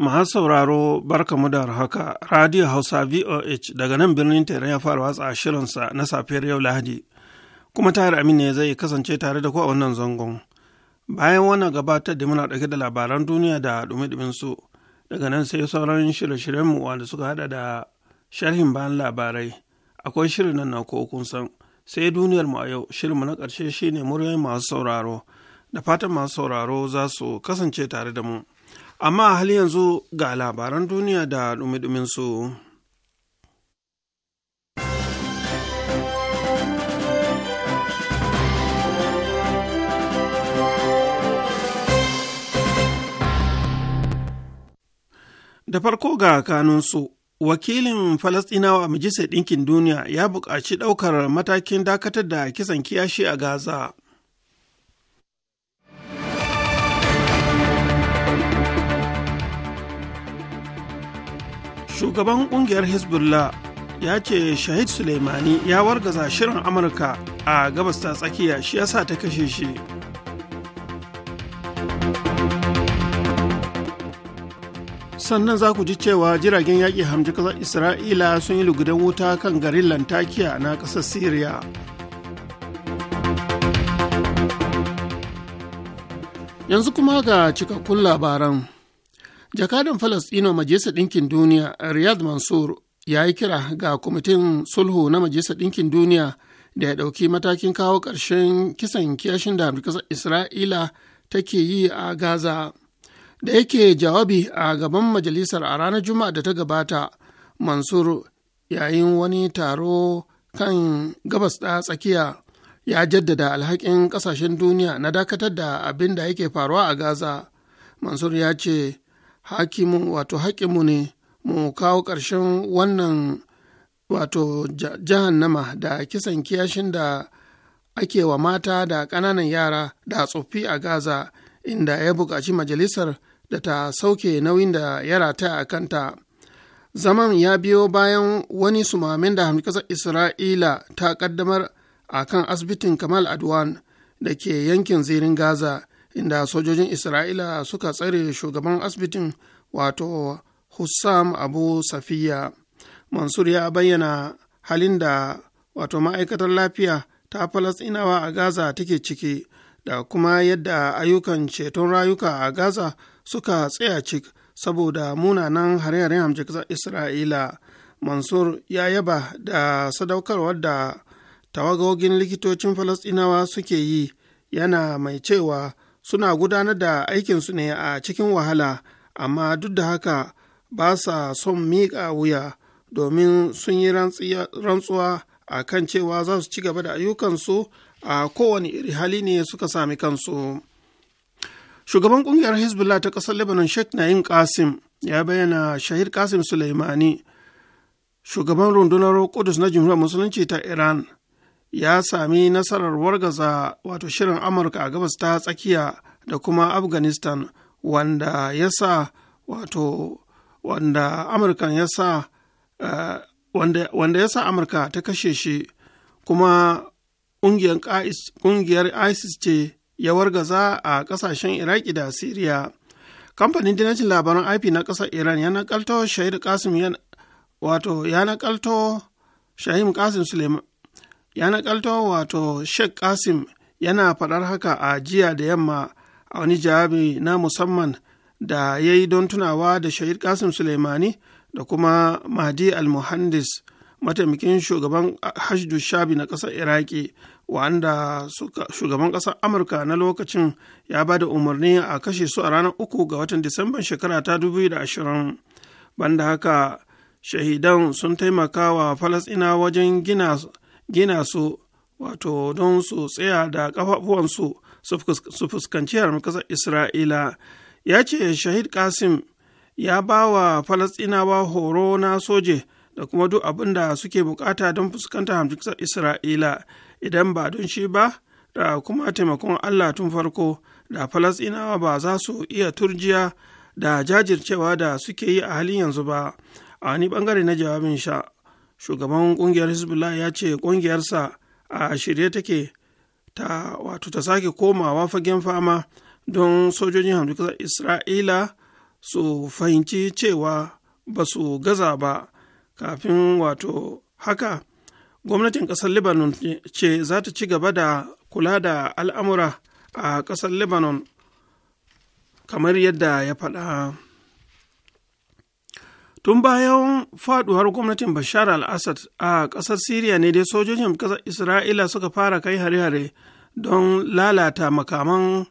Masu sauraro barkamu da haka Radio Hausa VOH daga nan birnin Tehran ya fara watsa shirinsa na safiyar yau Lahadi, kuma Tahir Aminu zai kasance tare da ku a wannan zangon. Bayan wannan gabatar da muna ɗauke da labaran duniya da dumi su daga nan sai sauran shirye mu wanda suka haɗa da sharhin bayan labarai, akwai shirin nan na ko kun san, sai duniyar mu a yau shirin mu na ƙarshe shine muryar masu sauraro, da fatan masu sauraro za su kasance tare da mu. amma hal yanzu ga labaran duniya da dumi su. da farko ga kanunsu wakilin falastinawa a majalisar ɗinkin duniya ya buƙaci ɗaukar matakin dakatar da kisan kiyashi a gaza shugaban kungiyar hezbollah ya ce shahid suleimani ya wargaza shirin amurka a gabas ta tsakiya shi sa ta kashe shi sannan za ku ji cewa jiragen yaƙi hamji ƙasar isra'ila sun yi lugudan wuta kan garin lantakiya na ƙasar syria yanzu kuma ga cikakkun labaran jakadan falastino majalisar ɗinkin duniya riyad mansur ya yi kira ga kwamitin sulhu na majalisar ɗinkin duniya da ya ɗauki matakin kawo ƙarshen kisan kiyashin da amurkasar isra'ila take yi a gaza da yake jawabi a gaban majalisar a ranar juma'a da ta gabata mansur yayin wani taro kan gabas ta tsakiya ya jaddada alhakin ƙasashen duniya na dakatar da abin da yake faruwa a gaza mansur ya ce hakimu wato hakimu ne mu kawo ƙarshen wannan wato jahannama da kisan kiyashin da ake wa mata da ƙananan yara da tsoffi a gaza inda ya buƙaci majalisar da ta sauke nauyin da ya rataya a kanta zaman ya biyo bayan wani sumamin da hamkasar isra'ila ta ƙaddamar a kan asibitin kamal adwan da ke yankin zirin gaza inda sojojin isra'ila suka tsare shugaban asibitin wato hussam abu safiya mansur ya bayyana halin da wato ma'aikatar lafiya ta falasɗinawa a gaza take ciki da kuma yadda ayyukan ceton rayuka a gaza suka tsaya cik saboda munanan hare-haren hamjikar isra'ila mansur ya yaba da sadaukarwar da tawagogin likitocin falasɗinawa suke yi yana mai cewa suna gudanar da aikinsu ne a cikin wahala amma duk da haka ba sa son miƙa wuya domin sun yi rantsuwa a kan cewa za su ci gaba da ayyukansu a kowane iri hali ne suka sami kansu shugaban kungiyar hezbollah ta ƙasar lebanon sheikh na'im qasim ya bayyana shahid qasim suleimani shugaban rundunar kudus na jumhuriyar musulunci ta iran ya sami nasarar wargaza wato shirin amurka a gabas ta tsakiya da kuma afghanistan wanda ya sa wato wanda amurka ya sa uh, wanda, wanda ya sa amurka ta kashe shi kuma ƙungiyar isis ce ya wargaza a ƙasashen iraki da siriya kamfanin dinacin labaran ip na ƙasar iran ya nakalto shahid kasim wato ya nakalto shahim kasim ya nakalto wato sheikh kasim yana faɗar haka a jiya da yamma a wani jawabi na musamman da ya yi don tunawa da shahid kasim suleimani da kuma mahdi al-muhandis mataimakin shugaban hajju shabi na ƙasar iraki wanda shugaban ƙasar amurka na lokacin ya ba da umarni a kashe su a ranar uku ga watan disamban shekara ta 2020 banda haka shahidan sun taimaka wa falasina wajen gina gina su wato don su tsaya da ƙafafuwansu su fuskanci haram ƙasar isra'ila ya ce shahid kasim ya ba wa falastinawa horo na soje da kuma duk abin da suke bukata don fuskanta hamsar isra'ila idan ba don shi ba da kuma taimakon allah tun farko da falastinawa ba za su iya turjiya da jajircewa da suke yi a halin yanzu ba a wani bangare na jawabin sha shugaban kungiyar hezbollah ya ce kungiyarsa a shirye take ta wato ta sake komawa fagen fama don sojojin hamdukasar isra'ila su fahimci cewa ba su gaza ba kafin wato haka gwamnatin ƙasar lebanon ce za ta ci gaba da kula da al'amura a ƙasar lebanon kamar yadda ya faɗa. tun bayan faduwar gwamnatin bashar al-assad a ƙasar syria ne dai sojojin ƙasar isra'ila suka fara kai hare-hare don lalata makaman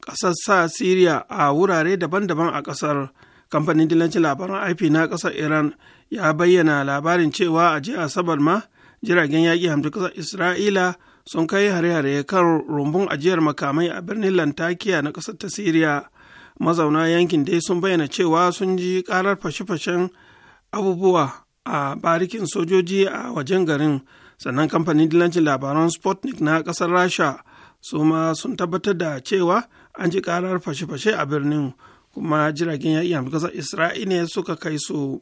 ƙasar sa syria a wurare daban-daban a ƙasar kamfanin dillancin labaran ip na ƙasar iran ya bayyana labarin cewa a jiya asabar ma jiragen yaƙi hamdu ƙasar isra'ila sun kai hare-hare kan rumbun ajiyar makamai a birnin lantakiya na ƙasar ta syria mazauna yankin dai sun bayyana cewa sun ji karar fashe-fashen abubuwa a barikin sojoji a wajen garin sannan kamfanin dilancin labaran sputnik na kasar rasha su ma sun tabbatar da cewa an ji karar fashe-fashe a birnin kuma jiragen yaƙi kasar isra'ila suka kai su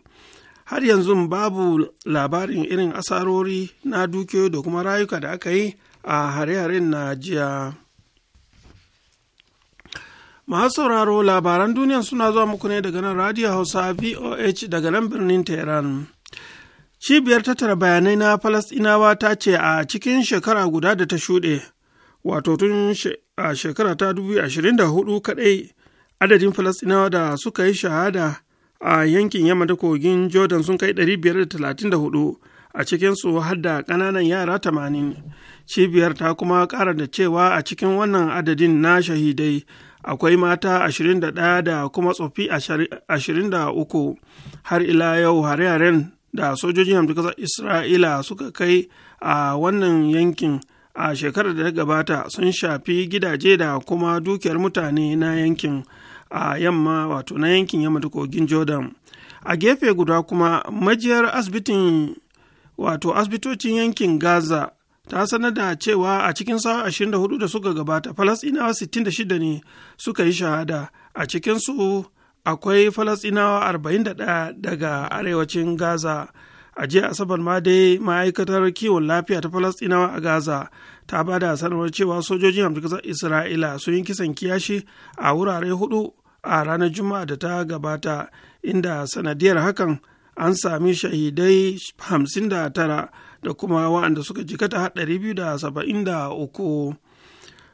har yanzu babu labarin irin asarori na dukiyoyi da kuma rayuka da aka yi a hare-haren na jiya. masu sauraro labaran duniya suna zuwa muku ne daga nan radio hausa voh daga nan birnin tehran cibiyar tattara bayanai na falasɗinawa ta ce a cikin shekara guda da ta shuɗe wato tun a shekara ta 2024 kaɗai adadin falasɗinawa da suka yi shahada a yankin yamma da kogin jordan sun kai 534 a cikinsu har da ƙananan yara tamanin, cibiyar ta kuma ƙara da cewa a cikin wannan adadin na shahidai akwai mata 21 da kuma tsofi 23 har ila yau hare-haren da sojojin hamdukasar isra'ila suka kai a wannan yankin a shekarar da ta gabata sun shafi gidaje da kuma dukiyar mutane na yankin a yamma wato na yankin yamma da kogin jordan a gefe guda kuma majiyar asibitin wato asibitocin yankin gaza ta sanar da cewa a cikin sa'a 24 da suka gabata falasɗinawa 66 ne suka yi shahada a cikinsu akwai falasɗinawa 41 daga arewacin gaza a jiya asabar ma dai ma'aikatar kiwon lafiya ta falasɗinawa a gaza ta ba da sanarwar cewa sojojin amurka isra'ila sun yi kisan kiyashi a wurare hudu a ranar juma'a da ta gabata inda sanadiyar hakan an sami shahidai 59 da kuma wa'anda suka jikata 273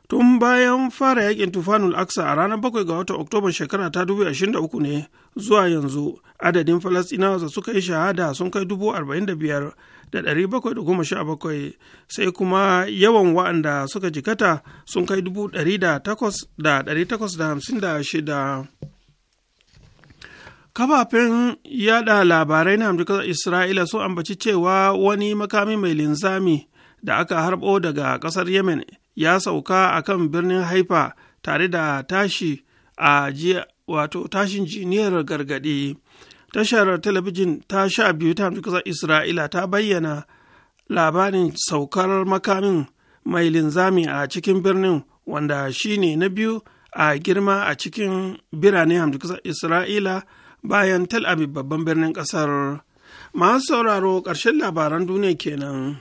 tun bayan fara yakin tufanul aksa a ranar bakwai ga watan oktoba shekara ta 2023 ne zuwa yanzu adadin falastinawa da suka yi shahada sun kai biyar 45,717 sai kuma yawan wa'anda suka jikata sun kai shida. Kafafen yada labarai na Amurka Isra'ila sun ambaci cewa wani makami mai linzami da aka harbo daga ƙasar Yemen ya sauka a kan birnin Haifa tare da tashi a wato tashin jiniyar gargaɗi. Tashar talabijin ta sha biyu ta Amurka Isra'ila ta bayyana labarin saukar makamin mai linzami a cikin birnin wanda shine na biyu a girma a cikin birane Amurka Isra'ila. bayan Tel Aviv babban birnin ƙasar. Masu sauraro ƙarshen labaran duniya kenan.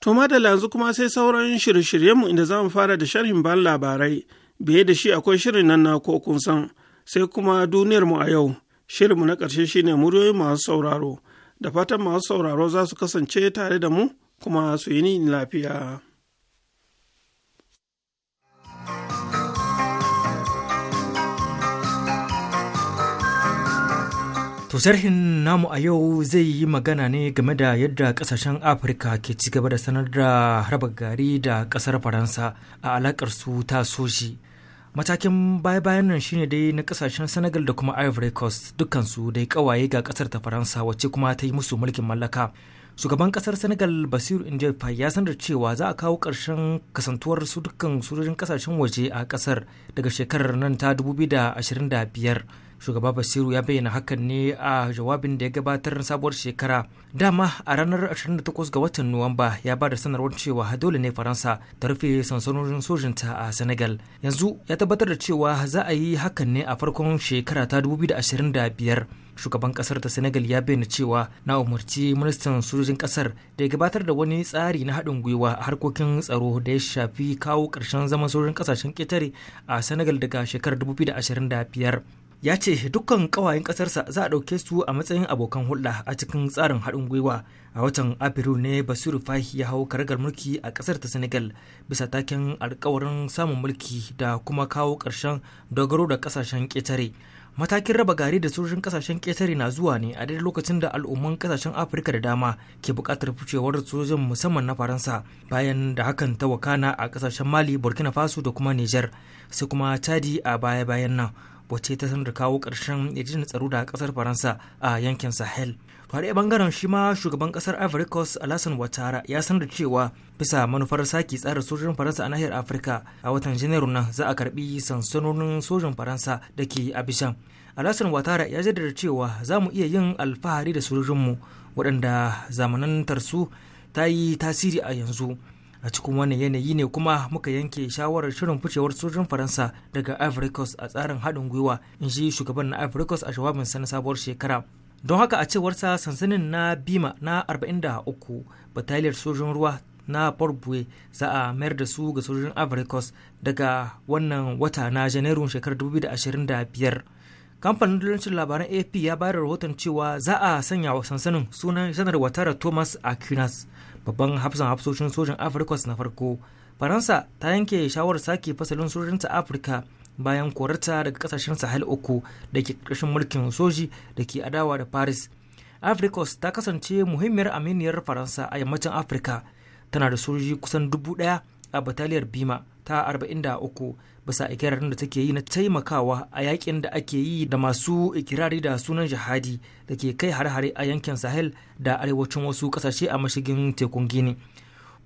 To da yanzu kuma sai sauran shirye-shiryenmu inda za mu fara da sharhin ban labarai, biye da shi akwai shirin nan na ko san, sai kuma duniyarmu a yau. Shirinmu na ƙarshe shine muryoyin masu sauraro, da fatan masu sauraro za su kasance tare da mu kuma su yi ni lafiya. To namu a yau zai yi magana ne game da yadda kasashen Afirka ke cigaba da sanar da raba gari da kasar Faransa a alakar su ta soshi. matakin baya-bayan nan shine dai na kasashen senegal da kuma ivory coast dukansu dai kawaye ga kasar ta faransa wacce kuma ta yi musu mulkin mallaka shugaban kasar senegal basiru injai ya sanar cewa za a kawo karshen kasantuwar su dukkan sojojin kasashen waje a kasar daga shekarar nan ta 2025 shugaba basiru ya bayyana hakan ne a jawabin da ya gabatar sabuwar shekara dama a ranar 28 ga watan nuwamba ya ba da sanarwar cewa dole ne faransa ta rufe sansanonin sojinta a senegal yanzu ya tabbatar da cewa za a yi hakan ne a farkon shekara ta 2025 shugaban kasar ta senegal ya bayyana cewa na umarci ministan sojojin kasar da ya gabatar da wani tsari na haɗin gwiwa a harkokin tsaro da ya shafi kawo ƙarshen zaman sojojin kasashen ƙetare a senegal daga shekarar 2025 ya ce dukkan kawayen kasarsa za a ɗauke su a matsayin abokan hulɗa a cikin tsarin haɗin gwiwa a watan afrilu ne basiru fahi ya hau karagar mulki a ƙasar ta senegal bisa taken alkawarin samun mulki da kuma kawo ƙarshen dogaro da ƙasashen ƙetare matakin raba gari da sojojin ƙasashen ƙetare na zuwa ne a daidai lokacin da al'umman ƙasashen afirka da dama ke buƙatar ficewar sojojin musamman na faransa bayan da hakan ta wakana a ƙasashen mali burkina faso da kuma niger sai kuma chadi a baya-bayan nan wacce ta sanar da kawo ƙarshen yajin tsaro da kasar faransa a yankin sahel to a bangaren shi ma shugaban ƙasar ivory coast alassane ouattara ya sanar cewa bisa manufar sake tsara sojojin faransa a nahiyar afirka a watan janairu nan za a karbi sansanonin sojin faransa da ke abidjan alassane watara ya jaddada cewa za mu iya yin alfahari da sojojinmu waɗanda zamanantar su ta yi tasiri a yanzu a cikin wani yanayi ne kuma muka yanke shawarar shirin ficewar sojin faransa daga ivory a tsarin haɗin gwiwa in ji shugaban na ivory coast a jawabinsa na sabuwar shekara don haka a cewarsa sansanin na bima na 43 bataliyar sojin ruwa na Borbue za a mayar da su ga sojojin Abrikos daga wannan wata na Janairun shekarar 2025. Kamfanin dalilancin labaran AP ya bayar da rahoton cewa za a sanya wa sansanin sunan Janar Watara Thomas Aquinas babban hafsan hafsoshin sojin afirka na farko faransa ta yanke shawarar sake fasalin sojinta afirka bayan korarta daga kasashen sahel uku da ke ƙarshen mulkin soji da ke adawa da paris africos ta kasance muhimmiyar aminiyar faransa a yammacin afirka tana da soji kusan dubu daya a bataliyar bima ta arba'in da uku. bisa ikirarin da take yi na taimakawa a yakin da ake yi da masu ikirari da sunan jihadi da ke kai hare-hare a yankin sahel da arewacin wasu kasashe a mashigin tekun gini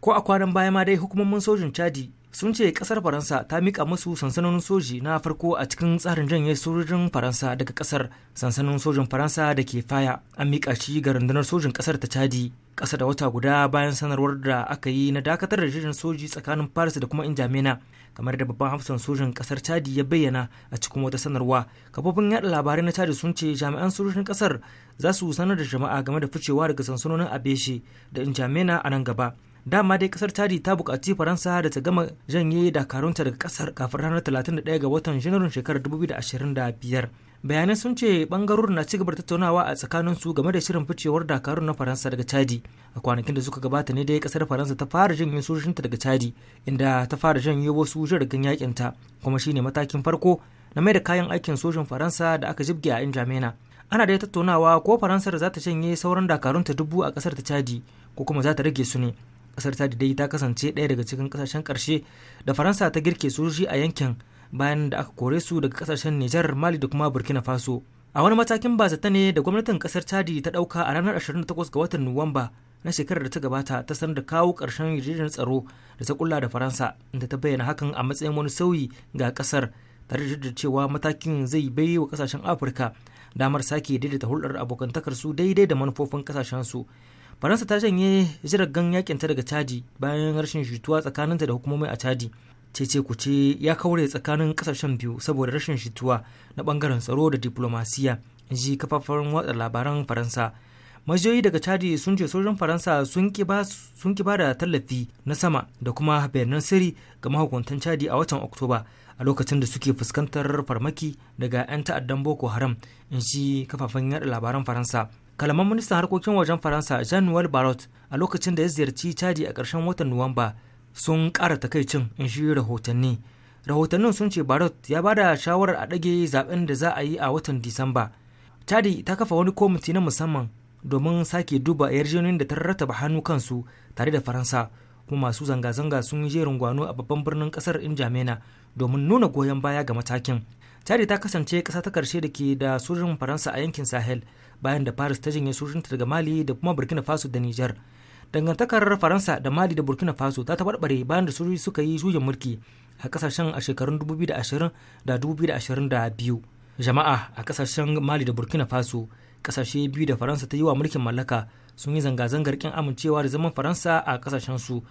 ko a kwanan baya ma dai hukumomin sojin chadi sun ce kasar faransa ta mika musu sansanonin soji na farko a cikin tsarin janye sojin faransa daga kasar sansanin sojin faransa da ke faya an mika shi ga rundunar sojin kasar ta chadi kasa da wata guda bayan sanarwar da aka yi na dakatar da jirgin soji tsakanin paris da kuma injamena kamar da babban hafsan sojan kasar chadi ya bayyana a cikin wata sanarwa kafofin yada labarai na chadi sun ce jami'an sojojin kasar za su sanar da jama'a game da ficewa daga sansanonin abeshi da injamena a nan gaba dama dai kasar chadi ta buƙaci faransa da ta gama janye dakarunta daga kasar kafin ranar 31 ga watan janairun shekarar 2025 bayanai sun ce bangarorin na cigaba da tattaunawa a tsakanin su game da shirin ficewar dakarun na faransa daga chadi a kwanakin da suka gabata ne dai kasar faransa ta fara jin sojojinta daga chadi inda ta fara yi wasu jiragen yakin ta kuma shine matakin farko na mai da kayan aikin sojin faransa da aka jibge a injamena ana da tattaunawa ko faransar za ta janye sauran ta dubu a kasar ta chadi ko kuma za ta rage su ne kasar chadi dai ta kasance ɗaya daga cikin kasashen ƙarshe da faransa ta girke sojoji a yankin bayan da aka kore su daga kasashen Nijar, Mali da kuma Burkina Faso. A wani matakin ba zata ne da gwamnatin kasar Chadi ta ɗauka a ranar 28 ga watan Nuwamba na shekarar da ta gabata ta sanar da kawo ƙarshen yarjejeniyar tsaro da ta kulla da Faransa inda ta bayyana hakan a matsayin wani sauyi ga kasar tare da cewa matakin zai bai wa kasashen Afirka damar sake daidaita hulɗar abokantakar su daidai da manufofin kasashen su. Faransa ta janye jiragen yakinta daga Chadi bayan rashin jituwa tsakaninta da hukumomi a Chadi. cece ku ce ya kaure tsakanin kasashen biyu saboda rashin shituwa na bangaren tsaro da diplomasiya in ji kafafen watsa labaran faransa majiyoyi daga chadi sun ce sojin faransa sun ki ba da tallafi na sama da kuma bayanan sirri ga mahukuntan chadi a watan oktoba a lokacin da suke fuskantar farmaki daga 'yan ta'addan boko haram in ji kafafen yada labaran faransa kalaman ministan harkokin wajen faransa jean noël barot a lokacin da ya ziyarci chadi a ƙarshen watan nuwamba sun ƙara takaicin in shi rahotanni rahotannin sun ce barot ya ba da shawarar a ɗage zaɓen da za a yi a watan disamba chadi ta kafa wani kwamiti na musamman domin sake duba yarjejeniyoyin da ta rattaba hannu kansu tare da faransa kuma masu zanga-zanga sun yi jerin gwano a babban birnin ƙasar injamena domin nuna goyon baya ga matakin chadi ta kasance ƙasa ta karshe da ke da sojin faransa a yankin sahel bayan da paris ta janye sojinta daga mali da kuma burkina faso da nijar dangantakar faransa da mali da burkina faso ta tabarbare bayan da sojoji suka yi juyin mulki a kasashen a shekarun 2020 da 2022 jama'a a kasashen mali da burkina faso kasashe biyu da faransa ta yi wa mulkin mallaka sun yi zanga-zangar kin amincewa da zaman faransa a kasashen su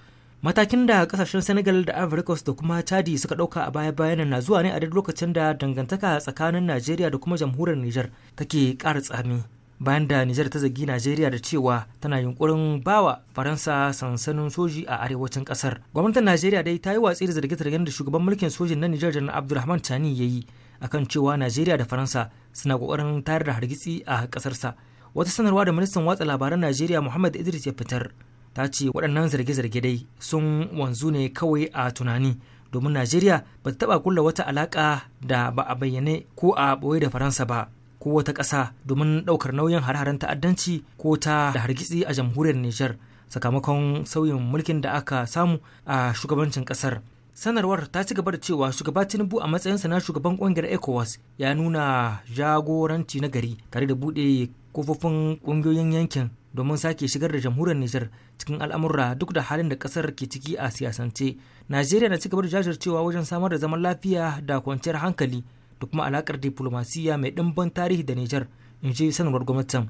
matakin da kasashen senegal da africa da kuma chadi suka dauka a baya-bayan na zuwa ne a duk lokacin da dangantaka tsakanin najeriya da kuma jamhuriyar niger take kara tsami bayan da Nijar ta zagi Najeriya da cewa tana yunkurin bawa Faransa sansanin soji a arewacin kasar. Gwamnatin Najeriya dai ta yi watsi da zarge-zargen da shugaban mulkin sojin na Nijar Janar Abdulrahman Tani ya yi akan cewa Najeriya da Faransa suna kokarin tayar da hargitsi a kasarsa. Wata sanarwa da ministan watsa labaran Najeriya Muhammad Idris ya fitar ta ce waɗannan zarge-zarge dai sun wanzu ne kawai a tunani domin Najeriya ba ta taɓa kulla wata alaƙa da ba a bayyane ko a ɓoye da Faransa ba. ko wata ƙasa domin ɗaukar nauyin hare-haren ta'addanci ko ta da hargitsi a jamhuriyar Nijar sakamakon sauyin mulkin da aka samu a shugabancin ƙasar. Sanarwar ta ci gaba da cewa shugaba Tinubu a matsayinsa na shugaban ƙungiyar ECOWAS ya nuna jagoranci na gari tare da buɗe kofofin ƙungiyoyin yankin domin sake shigar da jamhuriyar Nijar cikin al'amurra duk da halin da ƙasar ke ciki a siyasance. Najeriya na ci gaba da jajircewa wajen samar da zaman lafiya da kwanciyar hankali da kuma alakar diplomasiya mai ɗimban tarihi da Nijar in ji sanarwar gwamnatin.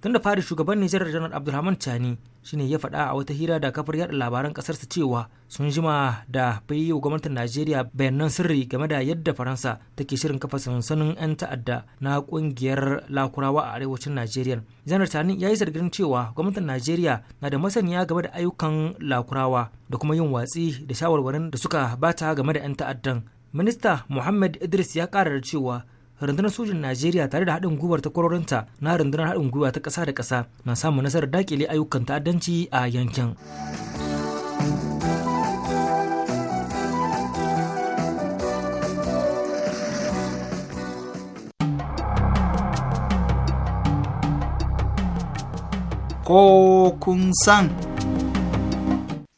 Tun da fari shugaban Nijar Janar Abdulrahman Chani shine ya faɗa a wata hira da kafar yada labaran ƙasarsa cewa sun jima da bai wa gwamnatin Najeriya bayanan sirri game da yadda Faransa take shirin kafa sansanin 'yan ta'adda na ƙungiyar Lakurawa a arewacin Najeriya. Janar Chani ya yi zargin cewa gwamnatin Najeriya na da masaniya game da ayyukan Lakurawa da kuma yin watsi da shawarwarin da suka bata game da 'yan ta'addan minista muhammad idris ya ƙara da cewa rundunar sojin najeriya tare da haɗin gwiwar takwarorinta na rundunar haɗin gwiwa ta ƙasa da ƙasa na samun nasarar dakile ayyukan ta'addanci a yankin ko kun san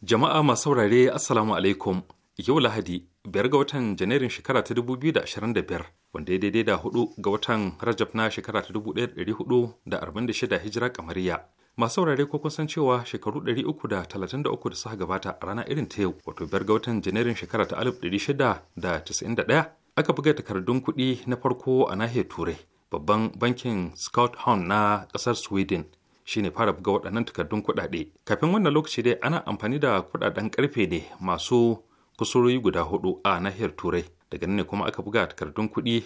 jama'a masu saurare assalamu alaikum yau lahadi biyar ga watan janairun shekara ta 2025 wanda ya daidai da hudu ga watan rajab na shekara ta 1446 hijira kamariya masu saurare ko kun cewa shekaru 333 da suka gabata a rana irin ta yau wato biyar ga watan janairun shekara ta 1691 aka buga takardun kuɗi na farko a nahiyar turai babban bankin scott horn na ƙasar sweden shine fara buga waɗannan takardun kuɗaɗe kafin wannan lokaci dai ana amfani da kuɗaɗen ƙarfe ne masu kusurori guda hudu a nahiyar turai daga nan ne kuma aka buga takardun kuɗi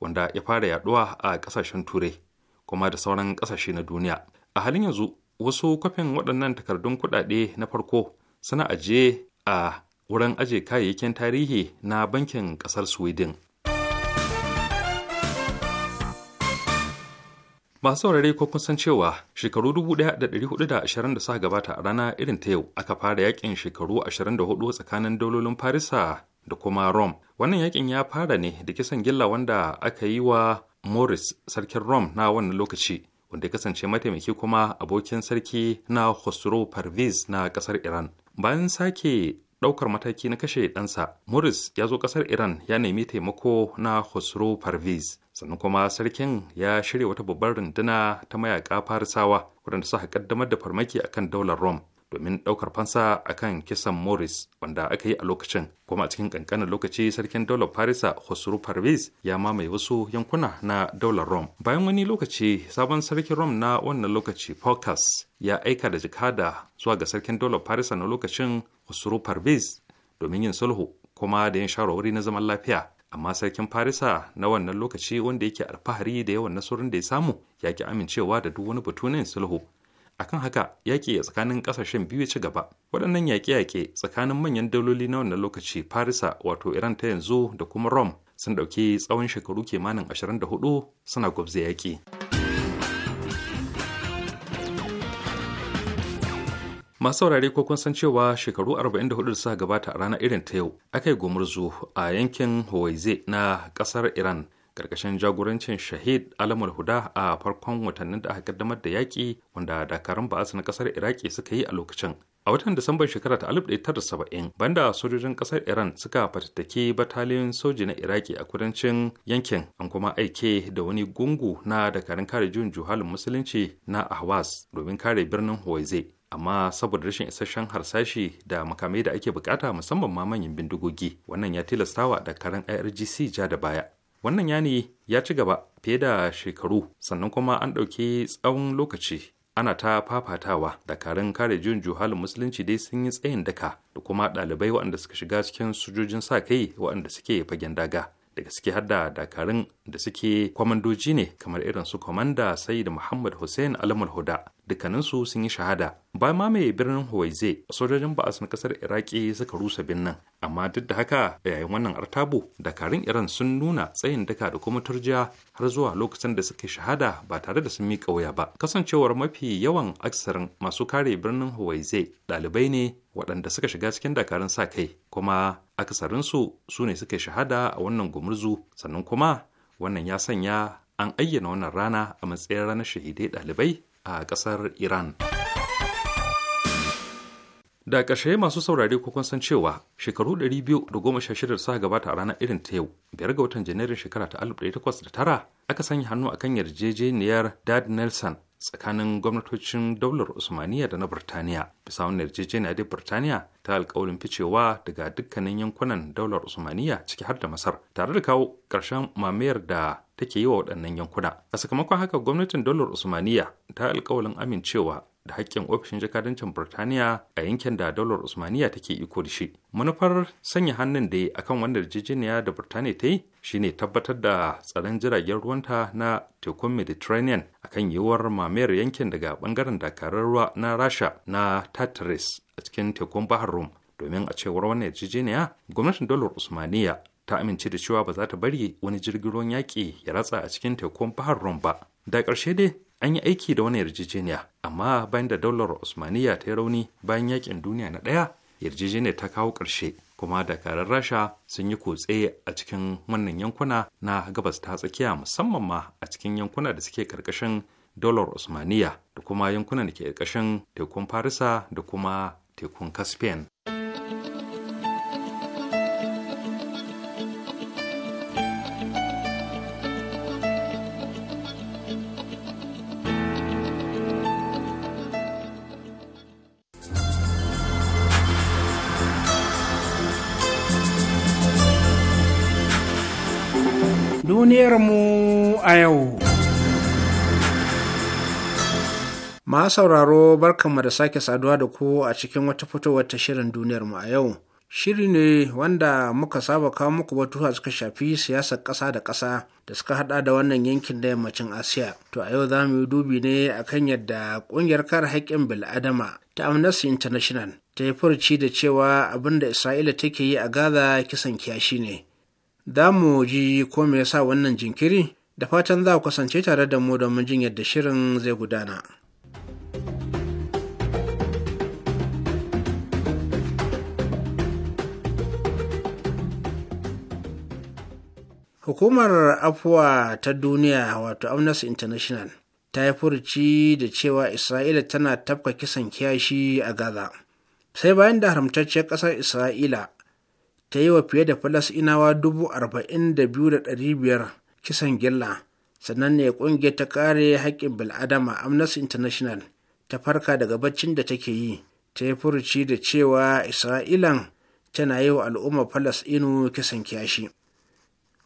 wanda ya fara yaduwa a ƙasashen turai kuma da sauran ƙasashe na duniya a halin yanzu wasu kwafin waɗannan takardun kuɗaɗe na farko suna ajiye a wurin ajiye kayayyakin tarihi na bankin ƙasar sweden Masu saurare ko kun san cewa shekaru 1420 da suka gabata a rana irin ta yau aka fara yakin shekaru 24 tsakanin dololin Farisa da kuma Rome. Wannan yakin ya fara ne da kisan gilla wanda aka yi wa Morris sarkin Rome na wannan lokaci wanda ya kasance mataimaki kuma abokin sarki na Khosrow Parviz na kasar Iran. Bayan sake ɗaukar mataki na kashe ɗansa, Morris ya zo kasar Iran ya nemi taimako na Khosrow Parviz. sannan kuma sarkin ya shirya wata babbar runduna ta mayaka farisawa wadanda suka kaddamar da farmaki akan daular rome domin ɗaukar fansa akan kisan morris wanda aka yi a lokacin kuma a cikin ƙanƙanin lokaci sarkin daular farisa hosuru parvis ya mamaye wasu yankuna na daular rome bayan wani lokaci sabon sarkin rome na wannan lokaci focus ya aika da jikada zuwa ga sarkin daular farisa na lokacin hosuru parvis domin yin sulhu kuma da yin shawarwari na zaman lafiya amma sarkin farisa na wannan lokaci wanda yake alfahari da yawan nasarorin da ya samu ya ki amincewa da duk wani na sulhu akan haka yaƙi a tsakanin ƙasashen biyu ya ci gaba waɗannan yaƙe-yaƙe tsakanin manyan daloli na wannan lokaci farisa wato iran ta yanzu da kuma rom sun ɗauki tsawon shekaru kimanin 24 suna gwabza yaƙi. masu saurare ko kun san cewa shekaru 44 da suka gabata a ranar irin ta yau aka yi gumurzu a yankin Hawaii na kasar Iran karkashin jagorancin shahid alamul huda a farkon watannin da aka kaddamar da yaƙi wanda dakarun ba'as na kasar iraki suka yi a lokacin a watan disamban shekara ta 1970 banda sojojin kasar iran suka fatattaki bataliyoyin soji na iraki a kudancin yankin an kuma aike da wani gungu na dakarun kare juyin juhalin musulunci na ahwas domin kare birnin hawaii amma saboda rashin isasshen harsashi da makamai da ake bukata musamman ma manyan bindigogi wannan ya tilastawa dakarun irgc ja da baya wannan yani ya ci gaba fiye da shekaru sannan kuma an ɗauki tsawon lokaci ana ta fafatawa dakarun kare jin juhalin musulunci dai sun yi tsayin daka da kuma ɗalibai waɗanda suka shiga cikin sojojin sa kai waɗanda suke fagen daga daga suke hada dakarun da suke kwamandoji ne kamar irin su kwamanda sai da muhammad hussein alamul huda dukkaninsu sun yi shahada bayan mamaye birnin Hawaii sojojin ba'as na kasar Iraki suka rusa birnin amma duk da haka yayin wannan artabu dakarun Iran sun nuna tsayin daka da kuma turjiya har zuwa lokacin da suka shahada ba tare da sun miƙa wuya ba kasancewar mafi yawan aksarin masu kare birnin Hawaii ɗalibai ne waɗanda suka shiga cikin dakarun sa kai kuma aksarinsu su ne suka shahada a wannan gumurzu sannan kuma wannan ya sanya an ayyana wannan rana a matsayin ranar shahidai ɗalibai a ƙasar Iran. Da ƙarshe masu saurari ko kun san cewa shekaru da goma sha 216 suka gabata a ranar irin ta yau, biyar ga watan Janairun shekara ta 1809 aka sanya hannu a kan yarjejeniyar Dad Nelson tsakanin gwamnatocin daular usmaniya da na birtaniya bisa wani yarjejeniya dai birtaniya ta alkawarin ficewa daga dukkanin yankunan daular usmaniya ciki har da masar tare da kawo ƙarshen mamayar da take yi wa waɗannan yankuna a sakamakon haka gwamnatin daular usmaniya ta alkawarin amincewa da haƙƙin ofishin jakadancin Birtaniya a yankin da daular Usmaniya take iko da shi. Manufar sanya hannun da akan wanda jijiniya da Birtaniya ta yi shine tabbatar da tsaron jiragen ruwanta na tekun Mediterranean a kan yiwuwar mamayar yankin daga bangaren dakarar ruwa na Rasha na Tartarus a cikin tekun Bahar Rum. Domin a cewar wannan jijiniya gwamnatin daular Usmaniya ta amince da cewa ba za ta bari wani jirgin ruwan yaƙi ya ratsa a cikin tekun Bahar Rum ba. Da ƙarshe dai an yi aiki da wani yarjejeniya amma bayan da daular osmaniya ta yi rauni bayan yakin duniya na ɗaya yarjejeniyar ta kawo ƙarshe kuma dakarar rasha sun yi kutse a cikin wannan yankuna na gabas ta tsakiya musamman ma a cikin yankuna da suke ƙarƙashin daular osmaniya da kuma yankunan da ke ƙarƙashin tekun farisa da kuma tekun caspian. Duniyarmu a yau. Ma sauraro barkanmu da sake saduwa da ku a cikin wata fitowar ta shirin duniyarmu a yau. Shiri ne wanda muka saba kawo muku a suka shafi siyasar ƙasa da ƙasa da suka haɗa da wannan yankin da yammacin Asiya. To a yau za mu yi dubi ne a kan yadda ƙungiyar kare haƙƙin bil'adama ta Amnesty International ta yi furuci da cewa abin da Isra'ila take yi a Gaza kisan kiyashi ne. Da mu ji ko me yasa wannan jinkiri da fatan za ku kasance tare da mu domin jin yadda shirin zai gudana. Hukumar afuwa ta duniya wato Amnesty International ta yi furuci da cewa Isra'ila tana tafka kisan kiyashi a Gaza. Sai bayan da haramtacciyar ƙasar Isra'ila ta yi wa fiye da falasinawa dubu arba'in da biyu da ɗari biyar kisan gilla sannan ne ƙungiyar ta kare haƙƙin bil'adama amnesty international ta farka daga baccin da take yi ta yi furuci da cewa isra'ilan tana yi wa al'ummar falasinu kisan kiyashi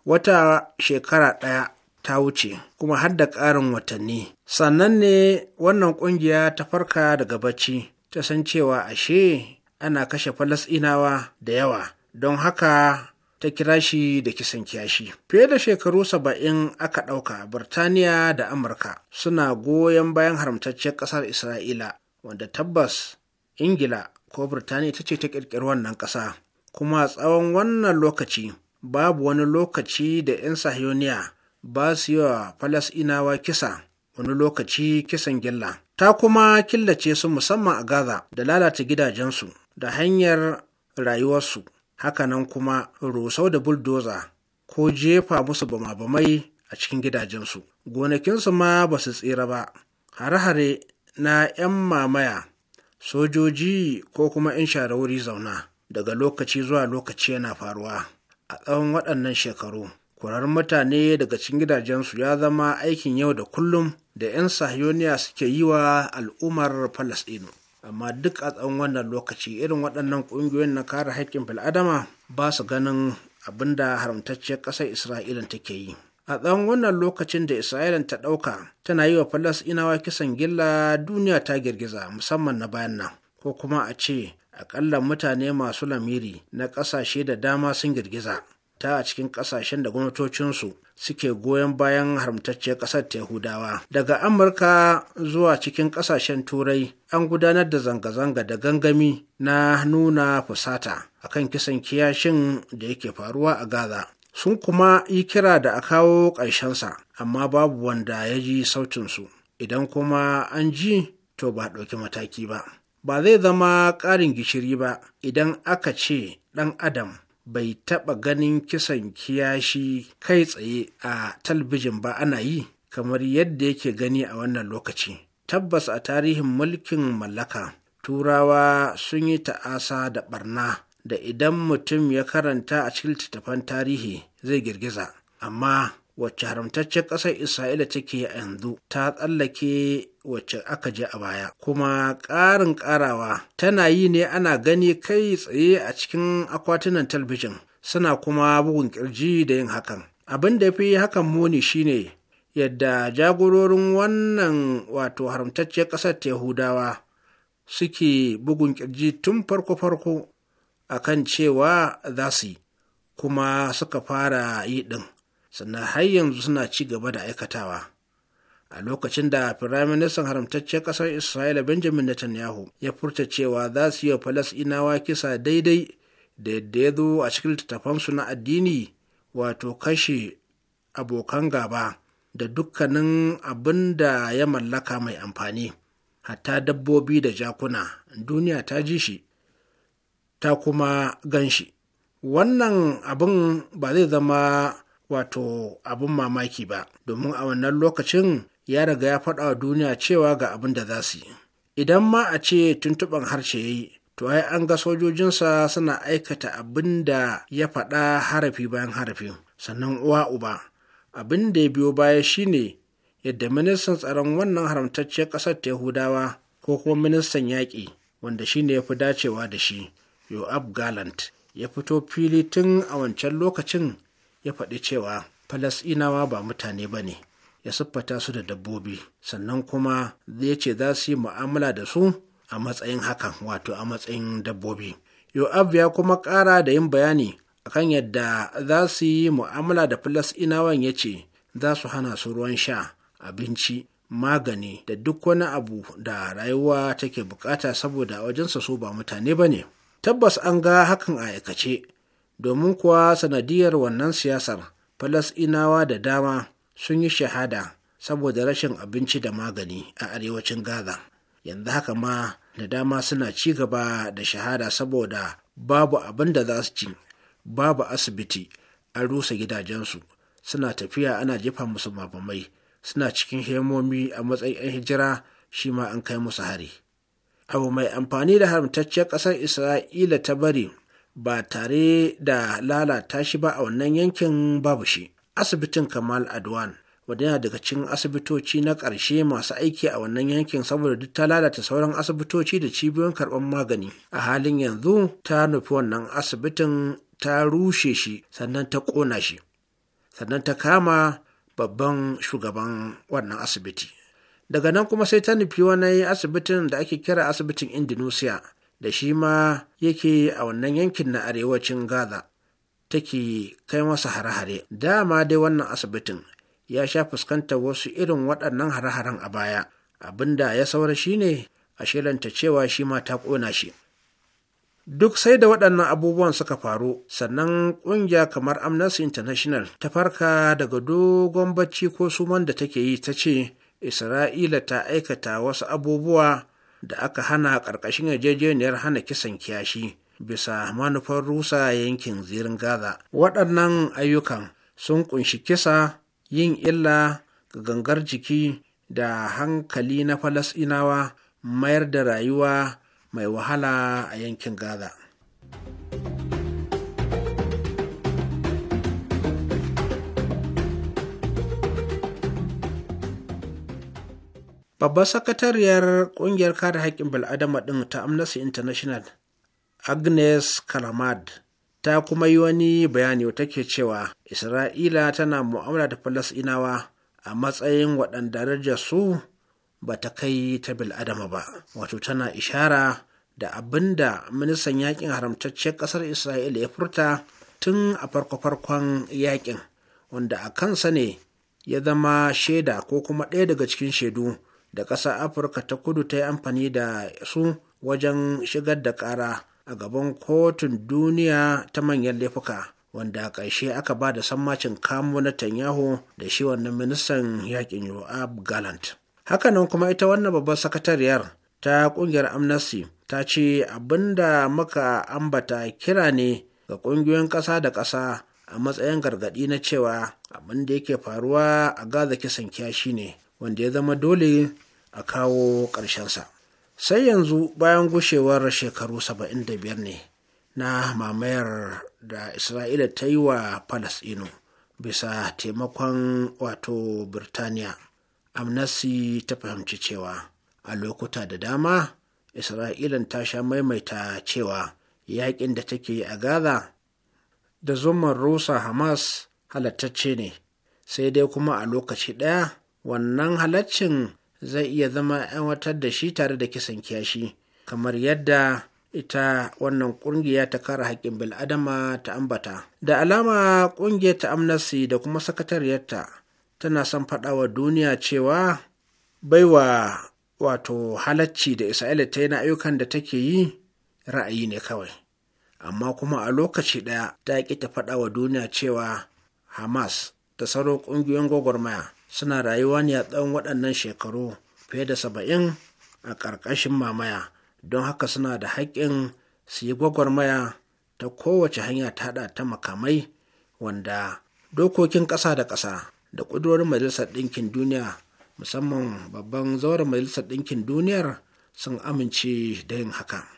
wata shekara ɗaya ta wuce kuma har da ƙarin watanni sannan ne wannan ƙungiya ta farka daga bacci ta san cewa ashe ana kashe falasɗinawa da yawa don haka ta kira shi da kisan kiyashi. Fiye da shekaru saba'in aka ɗauka Birtaniya da Amurka suna goyon bayan haramtacciyar ƙasar Isra'ila wanda tabbas Ingila ko Birtaniya ta ce ta ƙirƙiri wannan ƙasa. Kuma tsawon wannan lokaci babu wani lokaci da 'yan sahiyoniya ba su yi wa Falasɗinawa kisa wani lokaci kisan gilla. Ta kuma killace su musamman a Gaza da lalata gidajensu da hanyar rayuwarsu. hakanan kuma rusau da buldoza ko jefa musu bama-bamai a cikin gidajensu gonakinsu ma ba su tsira ba hare-hare na 'yan mamaya sojoji ko kuma 'yan share zauna daga lokaci zuwa lokaci yana faruwa a tsawon waɗannan shekaru kurar mutane daga cikin gidajensu ya zama aikin yau da kullum da 'yan sahiyoniya suke yi wa al'ummar falasɗinu amma duk a tsawon wannan lokaci irin waɗannan ƙungiyoyin na kare haƙƙin bil'adama ba su ganin abin da haramtacciyar ƙasar isra'ila take yi a tsawon wannan lokacin da isra'ilan ta ɗauka tana yi wa falasɗinawa kisan gilla duniya ta girgiza musamman na bayan nan ko kuma a ce aƙalla mutane masu lamiri na ƙasashe da dama sun girgiza ta a cikin ƙasashen da gwamnatocinsu suke goyon bayan haramtacciyar ƙasar ta Yahudawa. Daga Amurka zuwa cikin ƙasashen Turai an gudanar da zanga-zanga da gangami na nuna fusata akan kisan kiyashin da yake faruwa a Gaza. Sun kuma yi kira da a kawo ƙarshensa, amma babu wanda ya ji sautinsu. Idan kuma an ji, to ba ɗauki mataki ba. Ba zai zama ƙarin gishiri ba idan aka ce ɗan Adam bai taɓa ganin kisan kiyashi kai tsaye a talbijin ba ana yi kamar yadda yake gani a wannan lokaci tabbas a tarihin mulkin mallaka turawa sun yi ta'asa da barna da idan mutum ya karanta a cikin littattafan tarihi zai girgiza amma wacce haramtaccen ƙasar isra'ila take a yanzu ta tsallake wacce aka je a baya kuma ƙarin ƙarawa tana yi ne ana gani kai tsaye a cikin akwatunan talbijin suna kuma bugun kirji da yin hakan abin da fi hakan muni shine yadda jagororin wannan wato haramtacciyar ƙasar yahudawa suke bugun kirji tun farko-farko akan cewa za su yi kuma suka fara yi ɗin sannan har yanzu suna ci gaba da aikatawa a lokacin da firaministan haramtacciyar ƙasar isra'ila benjamin netanyahu ya furta cewa za su yi wa falasɗinawa kisa daidai da yadda ya zo a cikin littattafansu na addini wato kashe abokan gaba da dukkanin abin da ya mallaka mai amfani hatta dabbobi da jakuna duniya ta ji shi ta kuma gan shi wannan abin ba zai zama wato abin mamaki ba domin a wannan lokacin ya riga ya faɗa wa duniya cewa ga abin da za su yi idan ma a ce tuntuɓin harshe ya yi to ai an ga sojojinsa suna aikata abin da ya faɗa harafi bayan harafi sannan uwa uba abin da ya biyo baya shine yadda ministan tsaron wannan haramtacciyar ƙasar ta yahudawa ko kuma ministan yaƙi wanda shine ya fi dacewa da shi yoab gallant ya fito fili tun a wancan lokacin ya faɗi cewa falasɗinawa ba mutane ba ne ya siffata su da dabbobi sannan kuma zai ce za su yi mu'amala da su a matsayin hakan wato a matsayin dabbobi yo'ab ya kuma ƙara da yin bayani akan yadda za su yi mu'amala da falasɗinawan ya ce za su hana su ruwan sha abinci magani da duk wani abu da rayuwa take bukata saboda wajensa su ba mutane ba ne tabbas an ga hakan a aikace domin kuwa sanadiyar wannan siyasar falasɗinawa da dama sun yi shahada saboda rashin abinci da magani a arewacin gaza yanzu haka ma da dama suna ci gaba da shahada saboda babu abin da za su ci babu asibiti an rusa gidajensu suna tafiya ana jefa musu mafamai suna cikin hemomi a matsayin 'yan hijira shi ma an kai musu hari abu mai amfani da haramtacciyar ƙasar isra'ila ta bari ba tare da lalata shi ba a wannan yankin babu shi asibitin kamal adwan wadda yana daga cikin asibitoci na ƙarshe masu aiki a wannan yankin saboda duk ta lalata sauran asibitoci da cibiyoyin karɓar magani a halin yanzu ta nufi wannan asibitin ta rushe shi sannan ta ƙona shi sannan ta kama babban shugaban wannan asibiti daga nan kuma sai ta nufi wani asibitin da ake kira asibitin indonesia da shi ma yake a wannan yankin na arewacin gaza take kai masa hare-hare dama dai wannan asibitin ya sha fuskantar wasu irin waɗannan hare-haren a baya abinda ya saura shine a shirinta cewa shi ma ta ƙona shi duk sai da waɗannan abubuwan suka faru sannan ƙungiya kamar amnesty international ta farka daga dogon bacci ko suman da take yi ta ce isra'ila ta aikata wasu abubuwa da aka hana ƙarƙashin yarjejeniyar hana kisan kiyashi bisa manufar rusa yankin zirin gaza waɗannan ayyukan sun ƙunshi kisa yin illa ga gangar jiki da hankali na falasinawa mayar da rayuwa mai wahala a yankin gaza babbar sakatariyar ƙungiyar kare haƙƙin bil'adama ɗin ta amnesty international agnes kalamad ta kuma yi wani bayani wata ke cewa isra'ila tana mu'amala da falasinawa a matsayin waɗanda darajar su ba ta kai ta bil'adama ba wato tana ishara da abin da ministan yakin haramtacciyar ƙasar isra'ila ya furta tun a farko-farkon yakin wanda a kansa ne ya zama shaida ko kuma ɗaya daga cikin shaidu da ƙasar afirka ta kudu ta yi amfani da su wajen shigar da ƙara a gaban kotun duniya ta manyan laifuka wanda a ƙarshe aka ba da sammacin kamo na tanyahu da shi wannan ministan yakin yoab gallant hakanan kuma ita wannan babbar sakatariyar ta ƙungiyar amnesty ta ce abinda muka ambata kira ne ga ƙungiyoyin ƙasa da ƙasa a matsayin gargaɗi na cewa abin da yake faruwa a gaza kisan kiyashi ne wanda ya zama dole a kawo ƙarshensa sai yanzu bayan gushewar shekaru 75 ne na mamayar da isra'ila ta yi wa falasino bisa taimakon wato birtaniya amnesty ta fahimci cewa a lokuta da dama isra'ilan ta sha maimaita cewa yaƙin da take a gaza da zuman rusa hamas halattacce ne sai dai kuma a lokaci ɗaya wannan halaccin zai iya zama aiwatar da shi tare da kisan kiyashi kamar yadda ita wannan kungiya ta kare haƙƙin bil'adama ta ambata da alama kungiyar ta amnesty da kuma sakatariyarta tana son faɗawa duniya cewa baiwa wato halacci da isa'ila ta yi na ayyukan da take yi ra'ayi ne kawai amma kuma a lokaci ɗaya ta ƙi ta faɗawa duniya cewa hamas da sauran ƙungiyoyin gwagwarmaya suna rayuwa ne a tsawon waɗannan shekaru fiye da saba'in a ƙarƙashin mamaya don haka suna da haƙƙin su yi gwagwarmaya ta kowace hanya ta haɗa ta makamai wanda dokokin ƙasa da ƙasa da ƙudurorin majalisar ɗinkin duniya musamman babban zauren majalisar ɗinkin duniyar sun amince da yin haka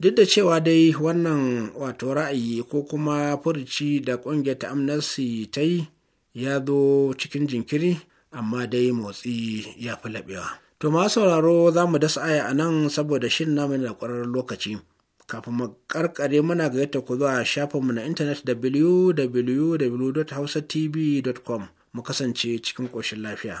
duk da cewa dai wannan wato ra'ayi ko kuma furci da ƙungiyar ta amnesty ta yi ya zo cikin jinkiri amma dai motsi ya fi laɓewa. To ma sauraro za mu dasa aya a nan saboda shin namu da ƙwararren lokaci. Kafin mu karkare muna ga yadda ku zuwa shafinmu na intanet www.hausatv.com mu kasance cikin ƙoshin lafiya.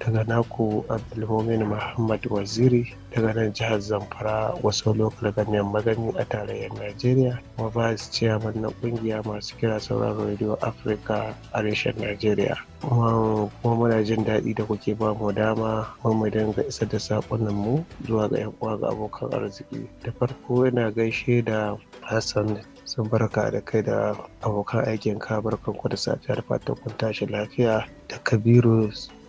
daga naku abdulmumin muhammad waziri daga nan jihar zamfara wasu lokal ganyen magani a tarayyar najeriya kuma vice chairman na kungiya masu kira sauran radio africa a reshen najeriya kuma muna jin daɗi da kuke ba mu dama mu dinga isar da saƙonan mu zuwa ga 'yan uwa ga abokan arziki da farko ina gaishe da hassan sun barka da kai da abokan aikin ka barkan ku da safiyar fatan kun tashi lafiya da kabiru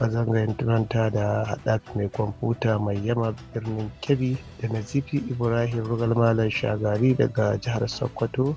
ba zan da haɗaf mai kwamfuta mai yama birnin kebbi da nazifi ibrahim Rugalmalam malam shagari daga jihar sokoto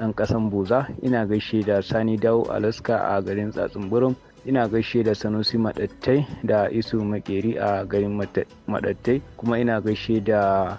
ɗan ƙasan Buza, ina gaishe da Sani Dawo Alaska a garin Tsatsunburum, ina gaishe da Sanusi Maɗattai da Isu Makeri a garin madattai kuma ina gaishe da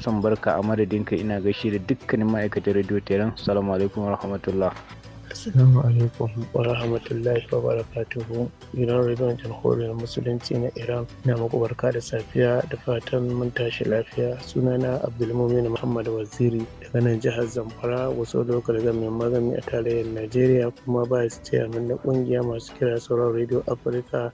Hassan Barka a madadinka ina gaishe da dukkanin ma'aikatan Radio Tehran. salamu alaikum wa rahmatullah. Assalamu alaikum wa rahmatullahi wa barakatuhu. Gidan rediyon jamhuriyar musulunci na Iran na muku barka da safiya da fatan mun tashi lafiya. Sunana Abdulmumin Muhammad Waziri daga nan jihar Zamfara wasu lokal mai magani a tarayyar Najeriya kuma ba su ce na kungiya masu kira sauran rediyo Afirka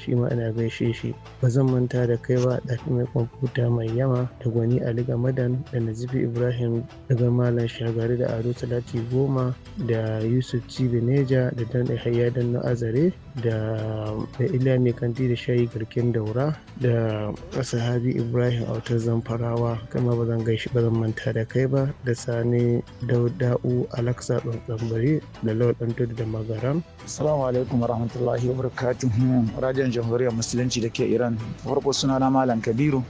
shi ma ina gaishe shi. Ba zan manta da kai ba ɗafi mai kwamfuta mai yama da gwani Ali Gamadan da Nazifi Ibrahim daga Malam Shagari da Ado Talati Goma da Yusuf neja da Dan Yahaya Dan na Azare da ila mai kanti da shayi garkin daura da sahabi ibrahim autar zamfarawa kama ba zan gaishe ba zan manta da kai ba da sani dauda'u alaksa tsambari da lawal tudu da magaram assalamu alaikum warahmatullahi wabarakatuh radiyon jamhuriyar musulunci da ke iran farko suna na malam kabiru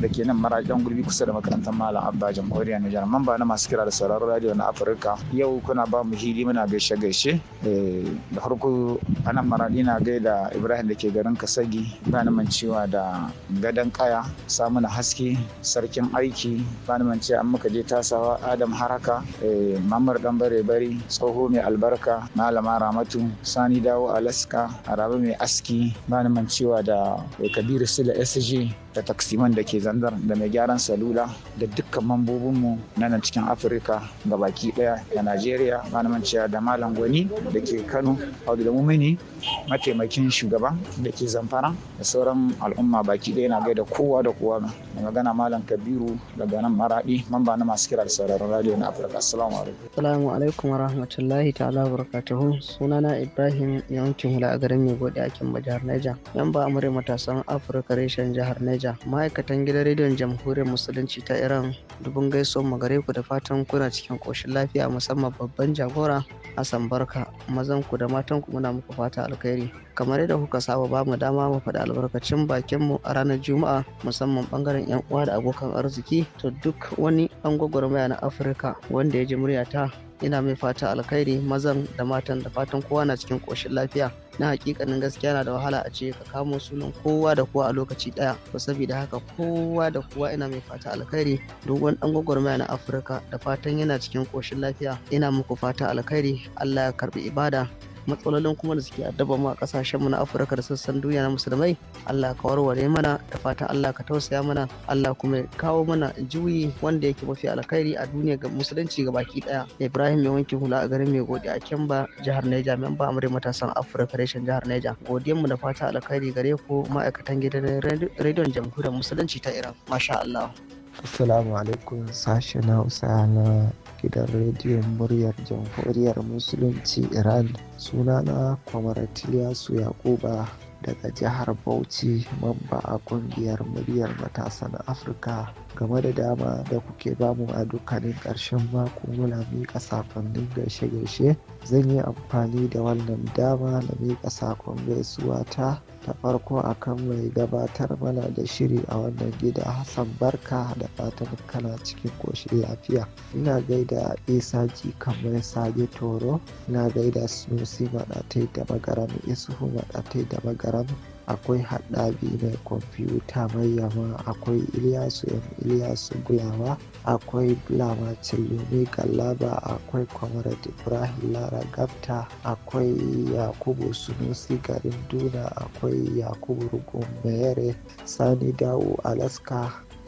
da ke nan marajan gurbi kusa da makarantar malam abba jamhuriyar nijar mamba na masu kira da sauraron radiyo na afirka yau kuna ba mu hili muna gaishe gaishe eh, da farko a nan maradi na gaida ibrahim da ke garin kasagi bani mancewa da gadon kaya samuna haske sarkin aiki bani mance an muka je tasawa adam haraka eh, mamar dan bare bari tsoho mai albarka malama ramatu sani dawo alaska araba mai aski bani mancewa da eh, kabiru sila sg da taksiman da ke zandar da mai gyaran salula da dukkan mambobinmu na nan cikin afirka ga baki daya da najeriya bani mancewa da malam gwani da ke kano audu da mumini mataimakin shugaban da ke zamfara da sauran al'umma baki ɗaya na gaida kowa da kowa da magana malam kabiru daga nan maraɗi mamba na masu kira da sauraron radio na afirka assalamu alaikum assalamu alaikum rahmatullahi ta'ala barakatuhu sunana ibrahim yawancin hula a garin mai gode akin jihar niger yan ba amurai matasan afirka reshen jihar niger ma'aikatan gidan rediyon jamhuriyar musulunci ta iran dubun gaisuwan magare ku da fatan kuna cikin koshin lafiya musamman babban jagora hassan barka mazan ku da matan ku muna muku fata alkhairi kamar yadda kuka saba ba mu dama mu faɗi albarkacin bakin mu a ranar juma'a musamman bangaren yan uwa da abokan arziki to duk wani an gwagwarmaya na afirka wanda ya ji muryata ina mai fata alkhairi mazan da matan da fatan kowa na cikin koshin lafiya na hakikanin gaskiya na da wahala a ce ka kamo sunan kowa da kowa a lokaci daya to saboda haka kowa da kowa ina mai fata alkhairi duk wani dan gwagwarmaya na afirka da fatan yana cikin koshin lafiya ina muku fata alkhairi allah ya karbi ibada matsalolin kuma da suke addaba mu a kasashen mu na Afirka da sassan duniya na musulmai Allah ka warware mana da fatan Allah ka tausaya mana Allah kuma ya kawo mana juyi wanda yake mafi alkhairi a duniya ga musulunci ga baki daya Ibrahim ya wanke hula a garin mai godiya a Kemba jihar Niger memba amurai matasan Afirka reshen jihar Niger godiyan mu da fata alkhairi gare ku ma'aikatan gidan rediyon jamhuriyar musulunci ta Iran masha Allah Assalamu alaikum sashen Hausa na gidan rediyon muryar jamhuriyar musulunci iran sunana kwamaratiliyasu yakuba daga jihar bauchi mamba a kungiyar muryar matasan afirka game da dama da kuke bamu a dukkanin ƙarshen mako muna miƙa sakonnin gaishe-gaishe zan yi amfani da wannan dama na miƙa sakon gaisuwa ta ta farko akan mai gabatar mana da shiri a wannan gida hassan barka da fatan kana cikin koshin lafiya ina gaida isa ji kamar sage toro ina gaida sunusi maɗatai da magaram isuhu maɗatai da magaram akwai haɗabi mai kwamfuta mai yama akwai iliyasu yan iliyasu bulawa akwai bulawa cilomi galaba akwai comrade ibrahim lara gafta akwai yakubu sunusi garin duna akwai yakubu rugun mayere sani dawo alaska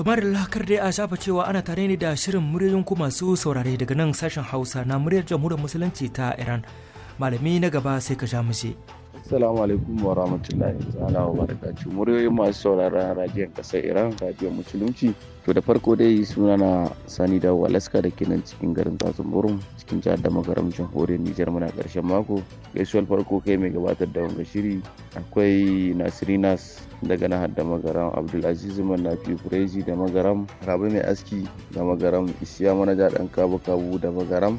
tumarilla kar dai a shafa cewa ana tare ne da shirin muryoyin ku masu saurare daga nan sashen hausa na muryar jamhuriyar musulunci ta iran malami na gaba sai ka sha mushe. Assalamu alaikum wa rahmatullahi wa barakatuh. Muryoyin masu sauraron radiyon kasar Iran, radiyon musulunci to da farko dai suna na sani da walaska da ke nan cikin garin tsatsun burin cikin jihar da magaram jamhuriyar nijar muna karshen mako gaisuwar farko kai mai gabatar da wanga shiri akwai nasirinas daga na da magaram abdulaziz manafi kurezi da magaram rabi mai aski da magaram isiya manaja dan kabu kabu da magaram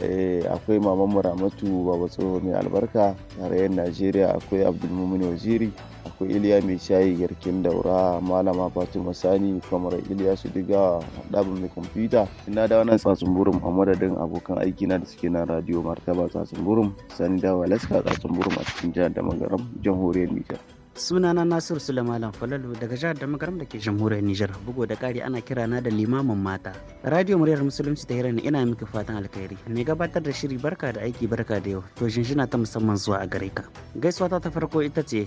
Eh, akwai maman muramatu baba tsoho mai albarka tarayyar najeriya akwai abdulmumin waziri akwai iliya mai shayi garkin daura malama fatima sani kamar iliya su diga ɗabin mai kwamfuta ina da wannan tsatsun burin a madadin abokan aiki na da suke nan radio martaba tsatsun burin sani dawa laska tsatsun burin a cikin jihar da magaram jamhuriyar nijar sunana nasiru sulaiman falalu daga jihar damagaram da ke jamhuriyar nijar bugu da kari ana kira na da limamin mata radio muryar musulunci ta hirar ina miki fatan alkhairi mai gabatar da shiri barka da aiki barka da yau to shinshina ta musamman zuwa a gare ka gaisuwa ta farko ita ce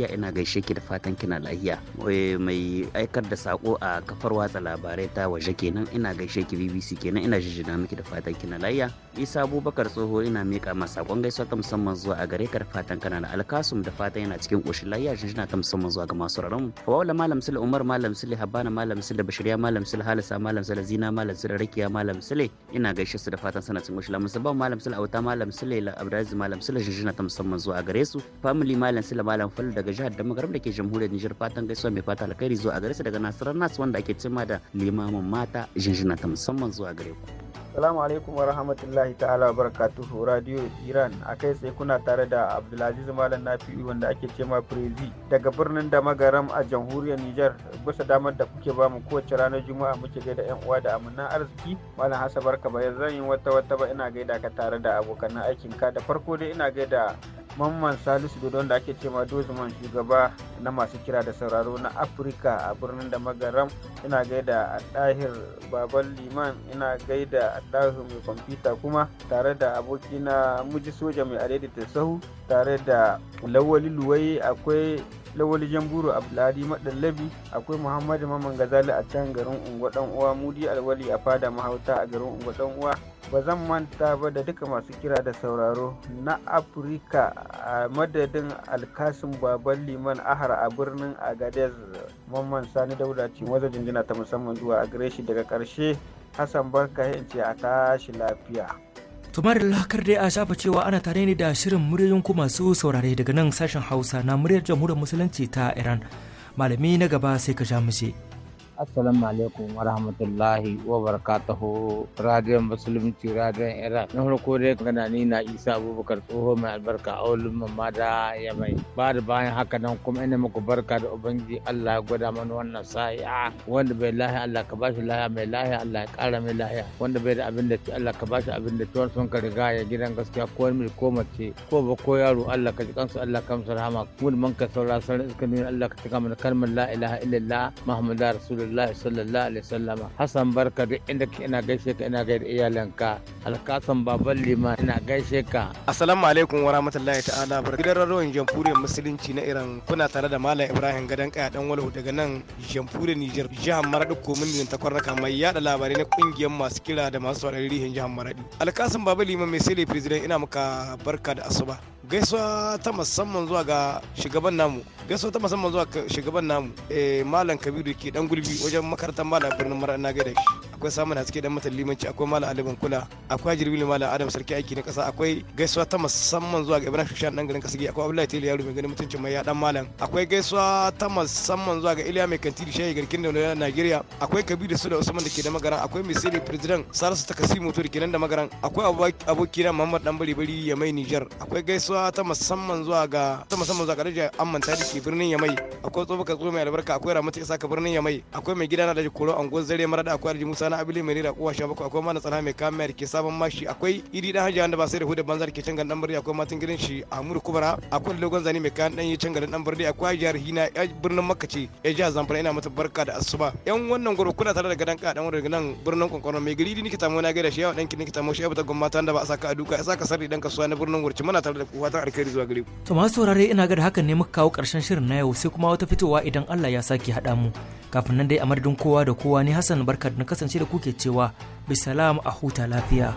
lafiya ina gaishe ki da fatan kina lahiya eh, mai aikar da sako a kafar watsa labarai ta waje kenan ina gaishe ki BBC kenan ina jijjina miki da fatan kina lahiya Isa Abubakar tsoho ina mika ma sakon gaisuwa ta musamman zuwa a gare ka da fatan kana da alkasum da fatan yana cikin koshin lahiya jijjina ta musamman zuwa ga masu raron Hawala Malam Sule Umar Malam Sule Habana Malam Sule Bashiriya Malam Sule Halisa Malam Sule Zina Malam Sule Rakiya Malam Sule ina gaishe su da fatan sana cikin koshin lahiya musamman Malam Sule Auta Malam Sule Abdulaziz Malam Sule jijjina ta musamman zuwa gare su family Malam Sule Malam Fal daga daga jihar da da ke jamhuriyar Nijar fatan gaisuwa mai fata alkhairi zuwa gare su daga Nasarar Nas wanda ake cima da limamin mata jinjina ta musamman zuwa gare ku. Assalamu alaikum wa rahmatullahi ta'ala wa barakatuhu Radio Iran a kai sai kuna tare da Abdulaziz Malam Nafi'u wanda ake ce ma Prezi daga birnin da magaram a jamhuriyar Nijar bisa damar da kuke bamu kowace ranar Juma'a muke gaida yan uwa da amanan arziki Malam Hassan barka bayan zan yi wata wata ba ina gaida ka tare da abokan aikin ka da farko dai ina gaida Mamman Salisu dodo wanda ake cewa Dozman shugaba na masu kira da sauraro na Afirka a birnin da magaram ina gaida Dahir Baban Liman ina gaida Allahu mai kwamfuta kuma tare da aboki na muji soja mai ta sahu tare da lawali luwai akwai lawali jamburu abdulladi madallabi akwai muhammadu mamman gazali a can garin unguwa dan uwa mudi alwali a fada mahauta a garin unguwa dan uwa ba zan manta ba da duka masu kira da sauraro na afirka a madadin alkasin baban liman ahar a birnin agadez mamman sani dauda ce wajen jinjina ta musamman zuwa a gare shi daga karshe Hassan barka ce a tashi lafiya. Tumar lakar dai a shafa cewa ana tare ne da shirin muryoyin ku masu saurare daga nan sashen Hausa na muryar jamhuriyar musulunci ta Iran. Malami na gaba sai ka sha mu assalamu alaikum wa rahmatullahi wa barakatuhu radiyon musulunci radiyon iran na farko dai gana ni na isa abubakar tsoho mai albarka a wulin mamma da ya mai ba da bayan haka nan kuma ina muku barka da ubangiji allah ya gwada mana wannan sa'i'a wanda bai lahiya allah ka bashi lahiya mai lahiya allah ya kara mai lahiya wanda bai da abin da ci allah ka bashi abin da ci wani sun ka riga ya gidan gaskiya ko wani ko mace ko ba ko yaro allah ka ji kansu allah ka musu rahama Mun man ka saurara sanar iska nuna allah ka cika mana kalmar la ilaha illallah muhammadu rasulullah rasulullahi sallallahu alaihi wasallama hasan barka duk inda ina gaishe ka ina gaida iyalanka alkasan baban liman ina gaishe ka assalamu alaikum wa rahmatullahi ta'ala bar gidan rarrawan jamhuriyar musulunci na iran kuna tare da malam ibrahim gadan kaya dan walu daga nan jamhuriyar niger jihar maradi komin ta kwarraka mai yada labarai na kungiyar masu kira da masu sauraron rihin jihar maradi alkasan baban liman mai sele president ina maka barka da asuba gaisuwa ta musamman zuwa ga shugaban namu gaisuwa ta musamman zuwa ga shugaban namu eh malam kabiru ke dan gulbi wajen makarantar malam birnin mara na gaida shi akwai samun haske dan matan limanci akwai malam aliban kula akwai jirbili malam adam sarki aiki na kasa akwai gaisuwa ta musamman zuwa ga ibrahim shushan dan garin kasige akwai abdullahi tele yaro mai ganin mutunci mai ya dan malam akwai gaisuwa ta musamman zuwa ga iliya mai kantiri shayi garkin da nigeria akwai kabiru su da usman da ke da magaran akwai misiri president salisu ta kasimu to ke nan da magaran akwai abokina muhammad dan bari bari ya mai niger akwai gaisuwa gaisuwa ta musamman zuwa ga ta musamman zuwa ga Raja Amman da dake birnin Yamai akwai tsofaka tsoho mai albarka akwai ramata Isa ka birnin Yamai akwai mai gidana da Koro Angon Zare Mara da akwai Alhaji Musa na Abili mai rira kowa 17 akwai Mana Tsana mai kamar ke sabon mashi akwai Idi dan Hajiya wanda ba sai da hudu banzar ke cangan dan birni akwai matan gidan shi Amur Kubara akwai Logon Zani mai kayan dan yi cangan dan birni akwai Jihar Hina birnin Makace ya jihar Zamfara ina mata barka da asuba yan wannan gurbin kuna tare da gadan ka dan wurin nan birnin Kwankwanon mai gari ni kitamo na gaida shi yawa dan ki ni kin kitamo shi ya bata gwamnati da ba a saka a duka ya saka sarri dan kasuwa na birnin Gurci muna tare da kuwa fatan alkhairi zuwa gare ku. To masu saurare ina ga da hakan ne muka kawo karshen shirin na yau sai kuma wata fitowa idan Allah ya sake haɗa mu. Kafin nan dai a madadin kowa da kowa ne Hassan barka na kasance da kuke cewa bisalam a huta lafiya.